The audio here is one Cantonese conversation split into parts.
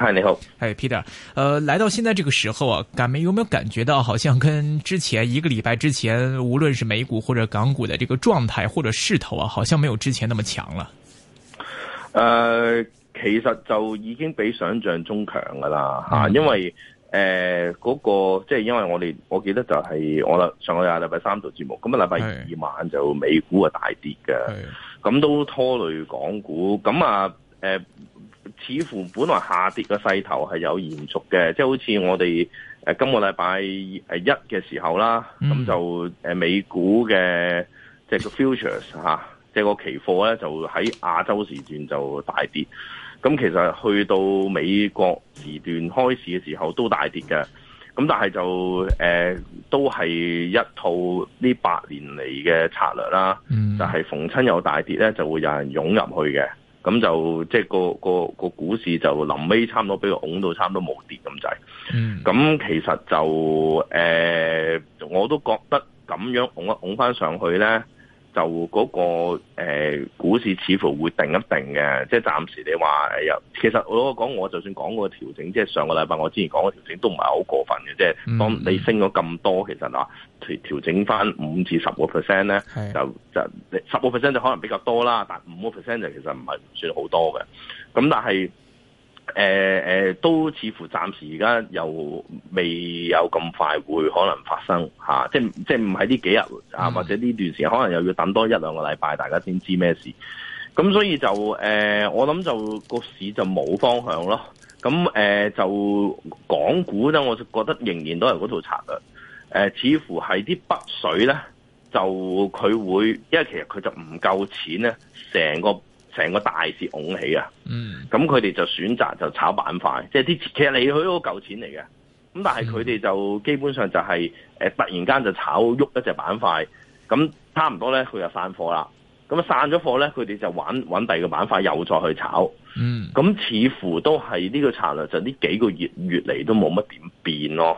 嗨，你好。誒、hey,，Peter，誒、呃，來到現在這個時候啊，感沒有沒有感覺到，好像跟之前一個禮拜之前，無論是美股或者港股的這個狀態或者勢頭啊，好像沒有之前那麼強了。誒、呃，其實就已經比想象中強噶啦吓，因為誒嗰、呃那個即係因為我哋我記得就係、是、我啦，上個禮拜三做節目，咁啊禮拜二晚就美股啊大跌嘅，咁、嗯嗯、都拖累港股，咁啊誒。呃似乎本來下跌嘅勢頭係有延續嘅，即係好似我哋、呃、今個禮拜一嘅時候啦，咁、嗯、就、呃、美股嘅即係個 futures 嚇、啊，即個期貨咧就喺亞洲時段就大跌，咁其實去到美國時段開始嘅時候都大跌嘅，咁但係就誒、呃、都係一套呢八年嚟嘅策略啦，嗯、就係、是、逢親有大跌咧，就會有人湧入去嘅。咁就即係個個個股市就臨尾差唔多，俾佢拱到差唔多冇跌咁滯。嗯，咁其實就誒、欸，我都覺得咁樣拱一拱翻上去咧。就嗰、嗰個、呃、股市似乎會定一定嘅，即係暫時你話、呃、其實我講我就算講個調整，即係上個禮拜我之前講個調整都唔係好過分嘅，即、嗯、係當你升咗咁多，其實調調整翻五至十個 percent 咧，就就十個 percent 就可能比較多啦，但五個 percent 就其實唔係算好多嘅，咁但係。誒、呃、誒、呃，都似乎暫時而家又未有咁快會可能發生、啊、即即唔係呢幾日啊、嗯，或者呢段時間可能又要等多一兩個禮拜，大家先知咩事。咁所以就誒、呃，我諗就個市就冇方向咯。咁、呃、就港股咧，我就覺得仍然都係嗰套策略。呃、似乎係啲北水咧，就佢會，因為其實佢就唔夠錢咧，成個。成個大市拱起啊！咁佢哋就選擇就炒板塊，即係啲其實你去都舊錢嚟嘅。咁但係佢哋就基本上就係、是呃、突然間就炒喐一隻板塊，咁差唔多咧，佢就散貨啦。咁散咗貨咧，佢哋就玩揾第二個板塊又再去炒。咁、嗯、似乎都係呢個策略，就呢幾個月嚟都冇乜點變咯。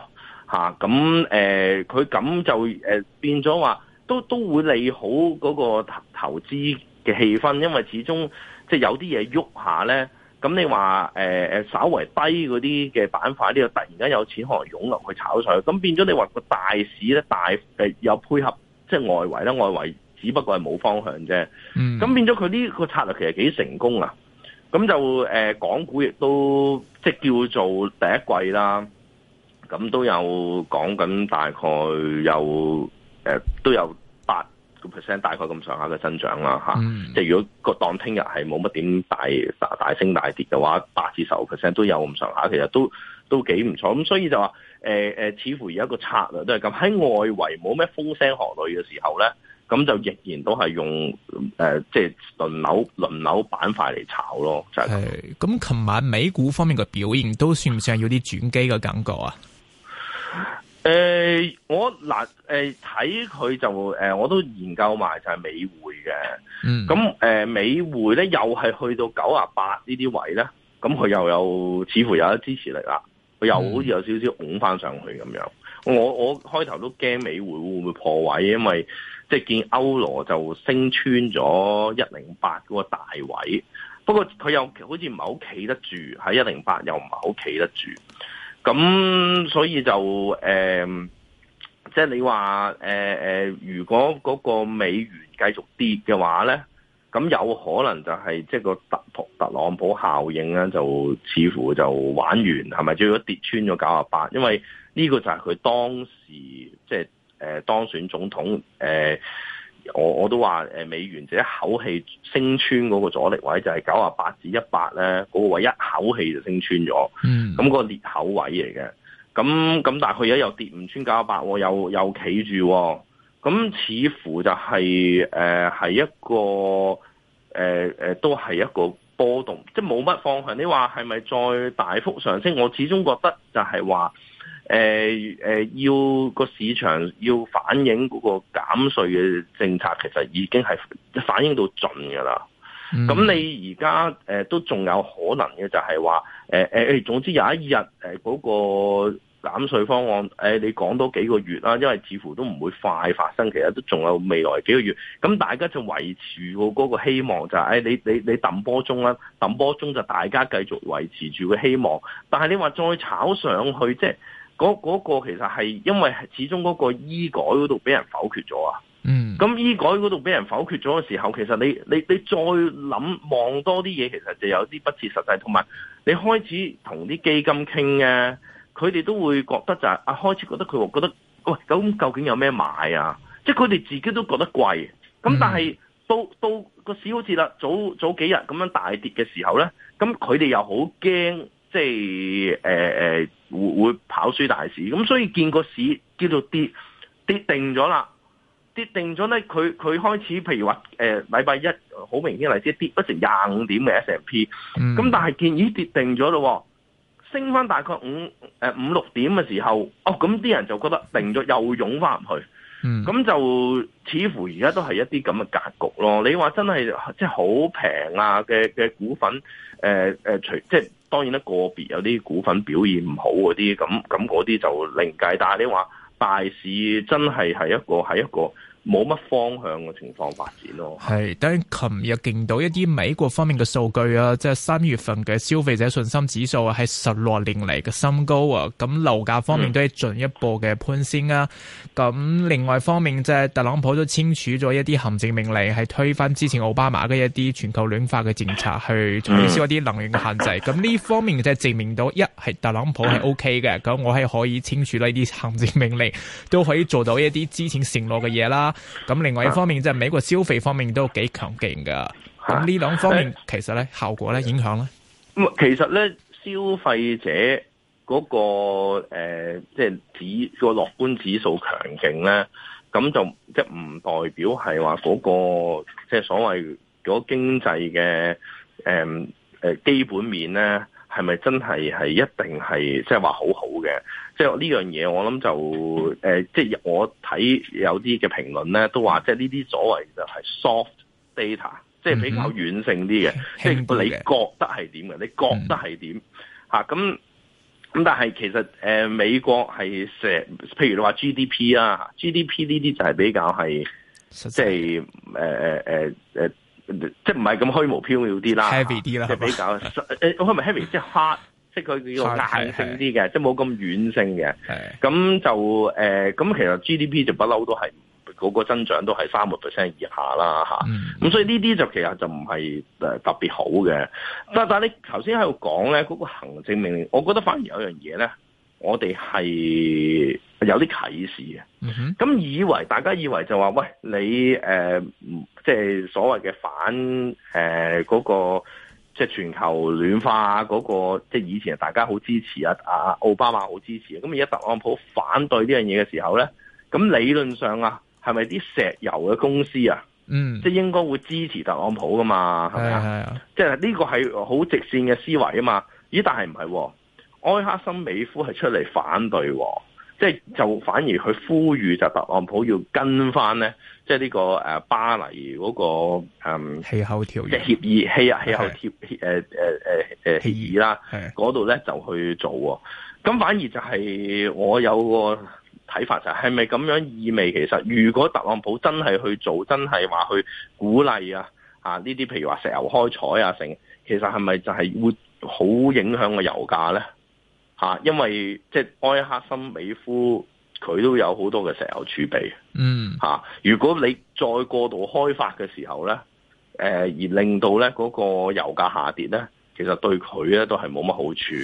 吓、啊，咁誒，佢、呃、咁就、呃、變咗話都都會利好嗰個投資。嘅氣氛，因為始終即係有啲嘢喐下咧，咁你話誒、呃、稍微低嗰啲嘅板塊，呢、呢度突然間有錢可能湧入去炒水，咁變咗你話個大市咧大、呃、有配合，即係外圍啦，外圍，只不過係冇方向啫。咁、嗯、變咗佢呢個策略其實幾成功啊！咁就誒、呃、港股亦都即係叫做第一季啦，咁都有講緊，大概有誒、呃、都有。個 percent 大概咁上下嘅增長啦嚇，即、嗯、係如果個檔聽日係冇乜點大大，大升大跌嘅話，八至十個 percent 都有咁上下，其實都都幾唔錯。咁所以就話誒誒，似乎而家個策略都係咁喺外圍冇咩風聲鶴唳嘅時候咧，咁就仍然都係用誒、呃、即係輪流輪流板塊嚟炒咯。就係、是、咁。咁琴晚美股方面嘅表現都算唔算有啲轉機嘅感覺啊？誒、呃，我嗱誒睇佢就誒、呃，我都研究埋就係美匯嘅，咁、嗯、誒、呃、美匯咧又係去到九十八呢啲位咧，咁佢又有似乎有啲支持力啦，佢又好似有少少拱翻上去咁樣。嗯、我我開頭都驚美匯會唔會破位，因為即係見歐羅就升穿咗一零八嗰個大位，不過佢又好似唔係好企得住，喺一零八又唔係好企得住。咁所以就誒，即、呃、係、就是、你話誒、呃呃、如果嗰個美元繼續跌嘅話咧，咁有可能就係即係個特特朗普效應咧，就似乎就玩完係咪？最後跌穿咗九十八，因為呢個就係佢當時即係、就是呃、當選總統誒。呃我我都話，誒美元就一口氣升穿嗰個阻力位就係98，就係九啊八至一百咧，嗰個位一口氣就升穿咗。嗯，咁嗰個裂口位嚟嘅。咁咁但係佢而家又跌唔穿九啊八，又又企住。咁似乎就係誒係一個誒誒、呃呃、都係一個波動，即係冇乜方向。你話係咪再大幅上升？我始終覺得就係話。誒、呃、誒、呃，要個市場要反映嗰個減稅嘅政策，其實已經係反映到盡㗎啦。咁你而家都仲有可能嘅，就係話誒誒，總之有一日嗰、呃嗰個減稅方案，呃、你講多幾個月啦，因為似乎都唔會快發生。其實都仲有未來幾個月，咁大家就維持個嗰個希望、就係，就係誒你你你揼波鐘啦，揼波鐘就大家繼續維持住個希望。但係你話再炒上去，即係。嗰嗰個其實係因為始終嗰個醫改嗰度俾人否決咗啊！嗯，咁醫改嗰度俾人否決咗嘅時候，其實你你你再諗望多啲嘢，其實就有啲不切實際。同埋你開始同啲基金傾咧，佢哋都會覺得就係啊，開始覺得佢會覺得喂，究竟有咩買啊？即係佢哋自己都覺得貴。咁但係到、嗯、到，到個市好似啦，早早幾日咁樣大跌嘅時候咧，咁佢哋又好驚，即係、呃會會跑輸大市，咁所以見個市叫做跌跌定咗啦，跌定咗咧，佢佢開始譬如話，誒，禮拜一好明顯例子，跌咗成廿五點嘅 S&P，咁、嗯、但係見已跌定咗咯，升翻大概五誒五六點嘅時候，哦，咁啲人就覺得定咗又湧翻入去，咁、嗯、就似乎而家都係一啲咁嘅格局咯。你話真係即係好平啊嘅嘅股份，誒、呃、誒，除即係。當然咧，個別有啲股份表現唔好嗰啲，咁咁嗰啲就另計。但係你話大市真係係一個，係一個。冇乜方向嘅情況發展咯。係，等琴日見到一啲美國方面嘅數據啊，即係三月份嘅消費者信心指數啊，係十六年嚟嘅新高啊。咁樓價方面都係進一步嘅攀升啊。咁、嗯、另外方面、就是，即係特朗普都簽署咗一啲行政命令，係推翻之前奧巴馬嘅一啲全球暖化嘅政策，去取消一啲能源嘅限制。咁、嗯、呢方面即係證明到一係特朗普係 O K 嘅，咁、嗯、我係可以簽署呢啲行政命令，都可以做到一啲之前承諾嘅嘢啦。咁另外一方面，即係美國消費方面都幾強勁噶。咁呢兩方面其實咧，效果咧，影響咧，咁其實咧、那個，消費者嗰個誒，即係指個樂觀指數強勁咧，咁就即係唔代表係話嗰個即係、就是、所謂嗰經濟嘅誒誒基本面咧。係咪真係係一定係即係話好好嘅？即係呢樣嘢，呃就是、我諗就誒，即係我睇有啲嘅評論咧，都話即係呢啲所謂就係 soft data，即係比較軟性啲嘅，即、嗯、係、就是、你覺得係點嘅？你覺得係點？吓咁咁，但係其實誒、呃，美國係成，譬如你話 GDP 啊，GDP 呢啲就係比較係即係誒誒誒誒。即係唔係咁虛無縹緲啲啦，heavy 啲啦，即係比較誒，係咪 heavy，hard, 即係 h 即係佢叫做硬性啲嘅，即係冇咁軟性嘅。咁 就誒，咁、呃、其實 GDP 就不嬲都係嗰、嗰個增長都係三個 percent 以下啦，嚇。咁所以呢啲就其實就唔係誒特別好嘅。嗯、但但係你頭先喺度講咧，嗰、嗰個行政命令，我覺得反而有樣嘢咧。我哋係有啲啟示嘅，咁、嗯、以為大家以為就話，喂，你誒、呃，即係所謂嘅反誒嗰、呃那個，即係全球暖化嗰、那個，即係以前大家好支持啊，啊，奧巴馬好支持，咁而家特朗普反對呢樣嘢嘅時候咧，咁理論上啊，係咪啲石油嘅公司啊，嗯、即係應該會支持特朗普噶嘛？係咪、嗯、啊，即係呢個係好直線嘅思維啊嘛，咦？但係唔係喎。埃克森美孚係出嚟反對的，即、就、係、是、就反而佢呼籲就特朗普要跟翻咧，即係呢個誒、啊、巴黎嗰、那個誒氣、嗯、候條約協議氣啊氣候協協誒誒誒誒協議啦，嗰度咧就去做。咁反而就係我有個睇法就係，係咪咁樣意味其實，如果特朗普真係去做，真係話去鼓勵啊啊呢啲譬如話石油開採啊成，其實係咪就係會好影響個油價咧？嚇，因為即係埃克森美孚佢都有好多嘅石油儲備，嗯嚇。如果你再過度開發嘅時候咧，誒、呃、而令到咧嗰個油價下跌咧，其實對佢咧都係冇乜好處，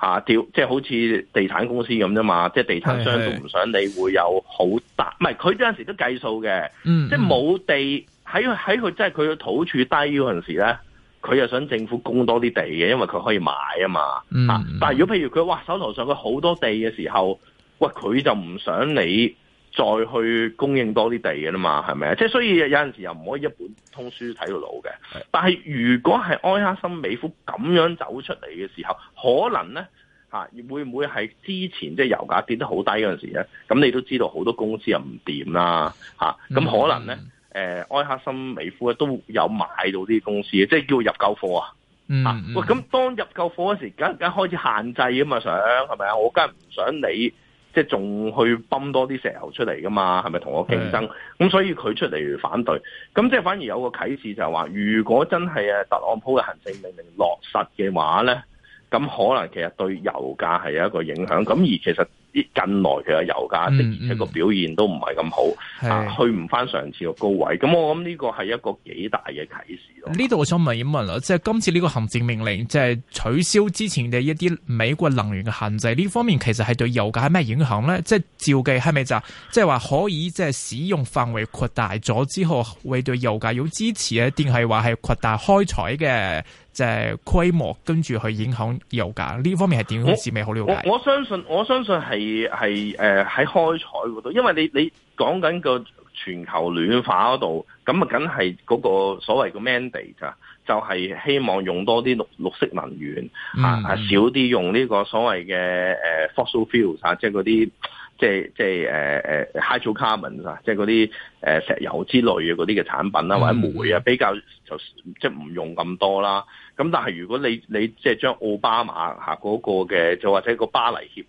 嚇、啊、調即係好似地產公司咁啫嘛，即係地產商都唔想你會有好大，唔係佢有陣時都計數嘅，嗯，即係冇地喺佢喺佢即係佢嘅土處低嗰陣時咧。佢又想政府供多啲地嘅，因為佢可以買啊嘛。啊，但係如果譬如佢哇手頭上佢好多地嘅時候，喂，佢就唔想你再去供應多啲地嘅啦嘛，係咪啊？即係所以有陣時又唔可以一本通書睇到老嘅。但係如果係埃克森美孚咁樣走出嚟嘅時候，可能咧吓、啊、會唔會係之前即係油價跌得好低嗰陣時咧？咁你都知道好多公司又唔掂啦吓，咁、啊、可能咧？嗯嗯嗯誒、呃、埃克森美孚都有買到啲公司嘅，即係叫入夠貨啊！嗯，嗯啊，喂，咁當入夠貨嘅時間，梗係開始限制啊嘛，想係咪啊？我梗係唔想你即係仲去泵多啲石油出嚟㗎嘛？係咪同我競爭？咁、嗯、所以佢出嚟反對，咁即係反而有個啟示就係、是、話，如果真係特朗普嘅行政命令落實嘅話咧，咁可能其實對油價係有一個影響。咁而其實。近來嘅油價的而個表現都唔係咁好，嗯嗯、去唔翻上次嘅高位。咁我諗呢個係一個幾大嘅啟示，啊。呢度我想問一問啦，即係今次呢個行政命令即係、就是、取消之前嘅一啲美國能源嘅限制，呢方面其實係對油價係咩影響咧？即、就、係、是、照計係咪就即係話可以即係使用範圍擴大咗之後，會對油價有支持咧？定係話係擴大開採嘅即係規模，跟住去影響油價？呢方面係點樣未好瞭解？我我，我相信我相信係。而係喺開採嗰度，因為你你講緊個全球暖化嗰度，咁啊梗係嗰個所謂嘅 mandate 㗎、啊，就係、是、希望用多啲綠色能源啊，嗯、少啲用呢個所謂嘅 fossil fuels 啊，即係嗰啲即係即係、呃、誒誒 hydrocarbon 啊，即係嗰啲石油之類嘅嗰啲嘅產品啦、嗯，或者煤啊，比較就即係唔用咁多啦。咁但係如果你你即係將奧巴馬嗰個嘅，就或者個巴黎協。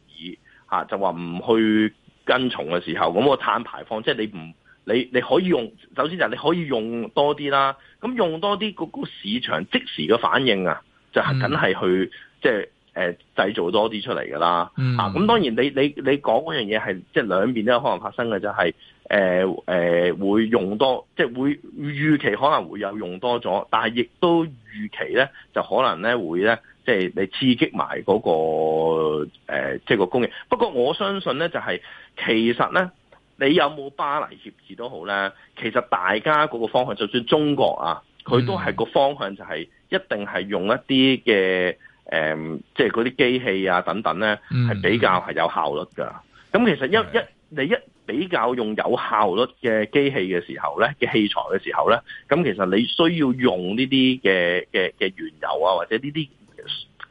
嚇、啊、就話唔去跟從嘅時候，咁、那個碳排放即係、就是、你唔你你可以用，首先就係你可以用多啲啦。咁用多啲個、那個市場即時嘅反應啊，就係梗係去即係誒製造多啲出嚟㗎啦。咁、嗯啊、當然你你你講嗰樣嘢係即係兩面都有可能發生嘅，就係誒誒會用多，即、就、係、是、會預期可能會有用多咗，但係亦都預期咧就可能咧會咧。即係你刺激埋嗰個誒，即係個工業。不過我相信咧，就係其實咧，你有冇巴黎協議都好咧，其實大家嗰個方向，就算中國啊，佢都係個方向，就係一定係用一啲嘅誒，即係嗰啲機器啊等等咧，係比較係有效率㗎。咁其實一、okay. 一你一比較用有效率嘅機器嘅時候咧，嘅器材嘅時候咧，咁其實你需要用呢啲嘅嘅嘅原油啊，或者呢啲。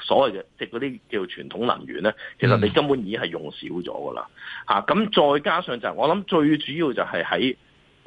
所謂嘅即係嗰啲叫傳統能源咧，其實你根本已經係用少咗噶啦嚇。咁、啊、再加上就係，我諗最主要就係喺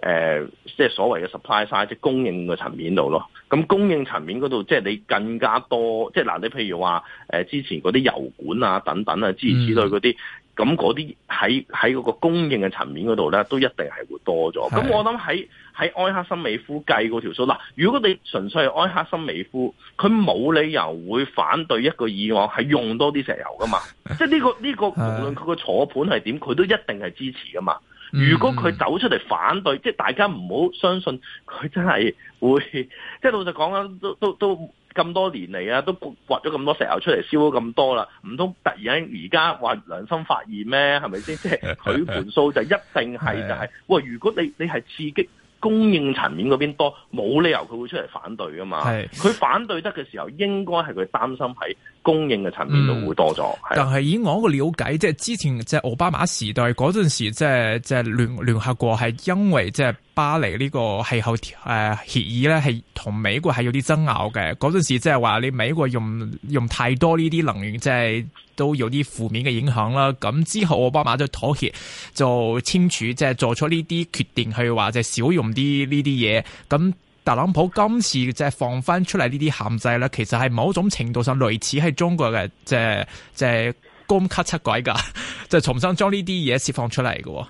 誒即係所謂嘅 supply side 即係供應嘅層面度咯，咁供應層面嗰度即係你更加多即係嗱你譬如話誒，呃，之前嗰啲油管啊等等啊之類之類嗰啲。嗯咁嗰啲喺喺嗰個供應嘅層面嗰度咧，都一定係會多咗。咁我諗喺喺埃克森美孚計嗰條數嗱，如果你純粹係埃克森美孚，佢冇理由會反對一個意願係用多啲石油噶嘛。 即係、呢個、呢個呢、呢個，無論佢個坐盤係點，佢都一定係支持噶嘛。如果佢走出嚟反對，嗯、即係大家唔好相信佢真係會。即係老實講啦，都都都。都咁多年嚟啊，都掘咗咁多石油出嚟，燒咗咁多啦，唔通突然間而家話良心發現咩？係咪先？即係佢盤數就一定係 就係，喂，如果你你係刺激供應層面嗰邊多，冇理由佢會出嚟反對噶嘛？係佢反對得嘅時候，應該係佢擔心喺供應嘅層面都會多咗，嗯。但係以我個了解，即係之前即係奧巴馬時代嗰陣時，即係即係聯聯合國，係因為即係。巴黎呢個氣候誒協議咧，係同美國係有啲爭拗嘅。嗰陣時即係話你美國用用太多呢啲能源，即、就、係、是、都有啲負面嘅影響啦。咁之後奧巴馬就妥協，就簽署即係、就是、做出呢啲決定去，去話即係少用啲呢啲嘢。咁特朗普今次即係放翻出嚟呢啲限制咧，其實係某種程度上類似係中國嘅即係即係供給側改革，就是就是就是、重新將呢啲嘢釋放出嚟嘅。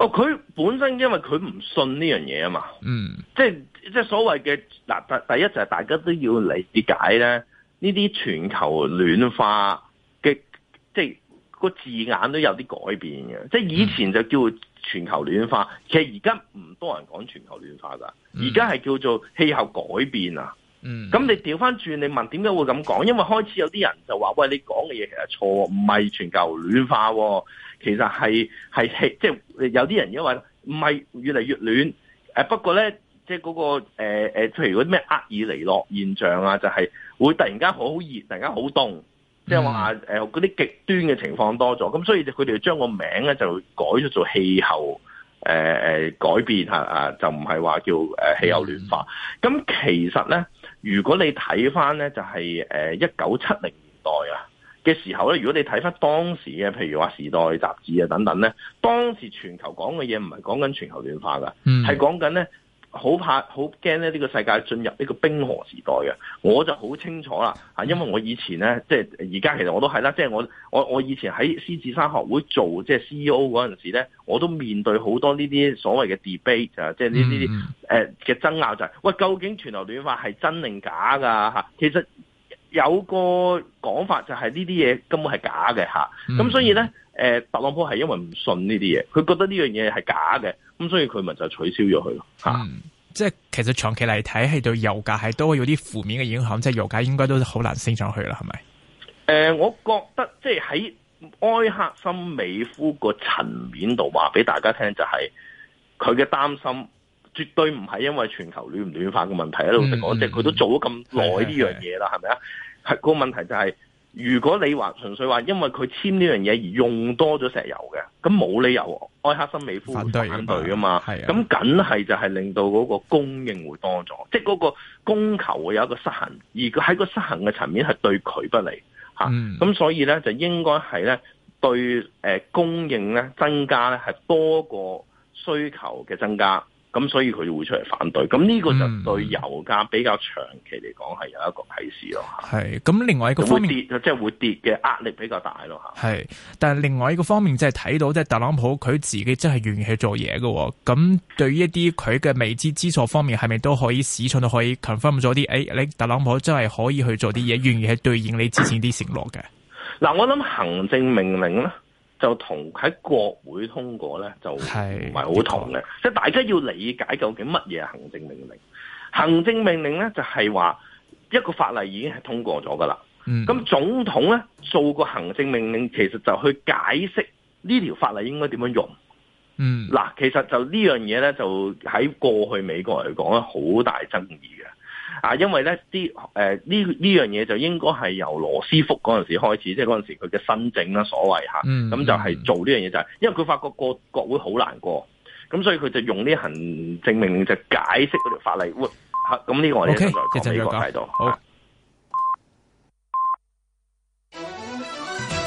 哦，佢本身因為佢唔信呢樣嘢啊嘛，嗯，即係即係所謂嘅嗱，第第一就係大家都要理解咧，呢啲全球暖化嘅即係個字眼都有啲改變嘅，即係以前就叫全球暖化，其實而家唔多人講全球暖化㗎，而家係叫做氣候改變啊。嗯，咁你調翻轉，你問點解會咁講？因為開始有啲人就話，喂，你講嘅嘢其實錯，唔係全球暖化，其實係係氣，即係、就是、有啲人因為唔係越嚟越暖，誒，不過咧，即係嗰個誒誒，譬、呃、如嗰啲咩厄爾尼諾現象、就是就是呃呃、啊，就係會突然間好熱，突然間好凍，即係話誒嗰啲極端嘅情況多咗，咁所以佢哋將個名咧就改咗做氣候誒誒改變吓啊，就唔係話叫誒氣候暖化，咁、嗯、其實咧。如果你睇翻咧，就係誒一九七零年代啊嘅時候咧，如果你睇翻當時嘅，譬如話《時代》雜誌啊等等咧，當時全球講嘅嘢唔係講緊全球暖化㗎，係講緊咧。好怕好驚咧！呢個世界進入呢個冰河時代嘅，我就好清楚啦嚇，因為我以前咧，即係而家其實我都係啦，即係我我我以前喺獅子山學會做即係 C E O 嗰陣時咧，我都面對好多呢啲所謂嘅 debate 啊，即係呢啲誒嘅爭拗就係、是、喂，究竟全球暖化係真定假㗎嚇？其實。有個講法就係呢啲嘢根本係假嘅吓，咁、嗯、所以呢，誒、呃，特朗普係因為唔信呢啲嘢，佢覺得呢樣嘢係假嘅，咁所以佢咪就取消咗佢咯吓。即係其實長期嚟睇，係對油價係都會有啲負面嘅影響，即係油價應該都好難升上去啦，係咪？誒、呃，我覺得即係喺埃克森美孚個層面度話俾大家聽，就係佢嘅擔心。絕對唔係因為全球暖唔暖化嘅問題啊！老實講，即係佢都做咗咁耐呢樣嘢啦，係咪啊？係個問題就係、是，如果你話純粹話因為佢簽呢樣嘢而用多咗石油嘅，咁冇理由，埃克森美孚會反對噶嘛？係咁梗係就係令到嗰個供應會多咗，即係嗰個供求會有一個失衡，而喺個失衡嘅層面係對佢不利吓。咁、嗯啊、所以咧就應該係咧對誒供應咧增加咧係多過需求嘅增加。咁所以佢會出嚟反對，咁呢個就對油價比較長期嚟講係有一個啟示咯係，咁另外一個方面會跌，即係會跌嘅壓力比較大咯吓。係，但係另外一個方面即係睇到即係、就是、特朗普佢自己真係願意去做嘢嘅，咁對於一啲佢嘅未知之數方面，係咪都可以市場都可以 confirm 咗啲？誒、哎，你特朗普真係可以去做啲嘢，願意去對應你之前啲承諾嘅？嗱、呃，我諗行政命令啦。就同喺國會通過咧就唔係好同嘅，即係、這個、大家要理解究竟乜嘢係行政命令。行政命令咧就係、是、話一個法例已經係通過咗㗎啦。咁、嗯、總統咧做個行政命令，其實就去解釋呢條法例應該點樣用。嗯，嗱，其實就呢樣嘢咧，就喺過去美國嚟講咧，好大爭議。啊，因為咧啲誒呢呢樣嘢就應該係由羅斯福嗰陣時開始，即係嗰陣時佢嘅新政啦，所謂嚇咁、嗯、就係做呢樣嘢就係、是，因為佢發覺個國會好難過，咁所以佢就用呢行政命令就解釋嗰條法例，喎、嗯、嚇，咁呢個我哋再講呢個態度。